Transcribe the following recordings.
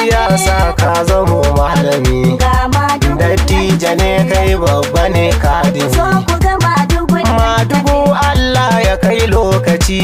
siyasa ka zamo malami dattija ne kai babba ne kadin madugu Allah ya kai lokaci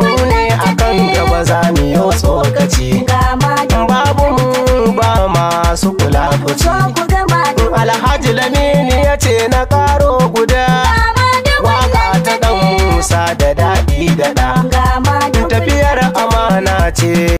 Mune ne akan gaba za mu yi tsokaci babu mu ba masu kula kuci alhaji lamini ya ce na karo guda waka ta dan musa da daɗi da tafiyar amana ce